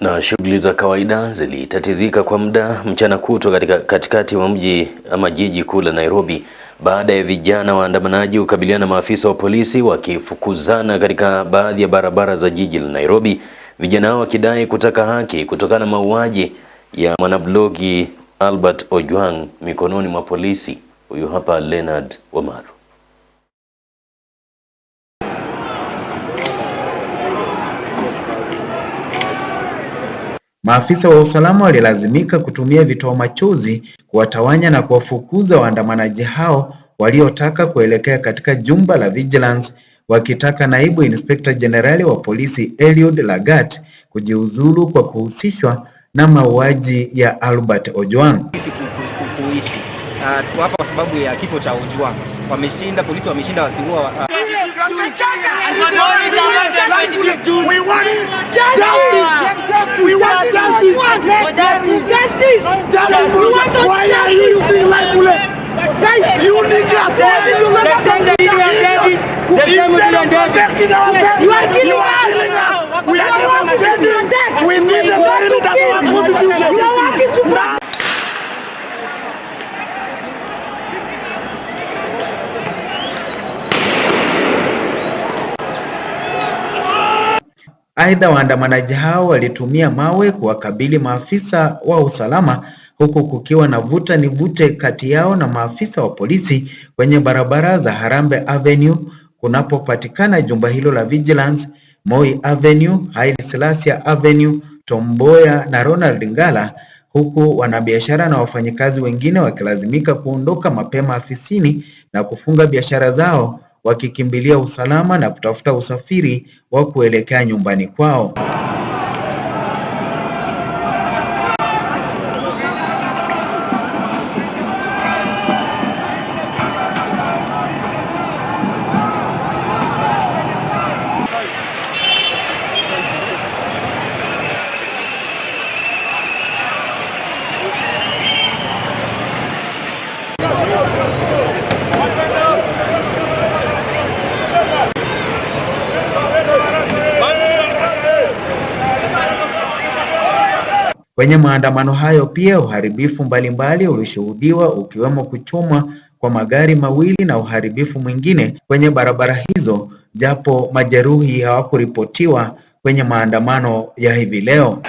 Na shughuli za kawaida zilitatizika kwa muda mchana kutwa katika katikati wa mji ama jiji kuu la Nairobi baada ya vijana waandamanaji kukabiliana na maafisa wa polisi wakifukuzana katika baadhi ya barabara za jiji la Nairobi, vijana hao wakidai kutaka haki kutokana na mauaji ya mwanablogi Albert Ojwang mikononi mwa polisi. Huyu hapa Leonard Wamaru. Maafisa wa usalama walilazimika kutumia vitoa machozi kuwatawanya na kuwafukuza waandamanaji hao waliotaka kuelekea katika jumba la Vigilance wakitaka naibu inspekta jenerali wa polisi Eliud Lagat kujiuzulu kwa kuhusishwa na mauaji ya Albert Ojwang. Kuishi tuko hapa kwa sababu ya kifo cha Ojwang. Wameshinda, polisi wameshinda wakiua uh, We want justice. We That is why, are you using live bullet? Guys, you niggas, why did you protecting Aidha, waandamanaji hao walitumia mawe kuwakabili maafisa wa usalama huku kukiwa na vuta ni vute kati yao na maafisa wa polisi kwenye barabara za harambe Avenue kunapopatikana jumba hilo la Vigilance, Moi Avenue, Haile Selassie Avenue, Tom Mboya na Ronald Ngala huku wanabiashara na wafanyikazi wengine wakilazimika kuondoka mapema afisini na kufunga biashara zao wakikimbilia usalama na kutafuta usafiri wa kuelekea nyumbani kwao. Kwenye maandamano hayo pia uharibifu mbalimbali ulishuhudiwa ukiwemo kuchoma kwa magari mawili na uharibifu mwingine kwenye barabara hizo japo majeruhi hawakuripotiwa kwenye maandamano ya hivi leo.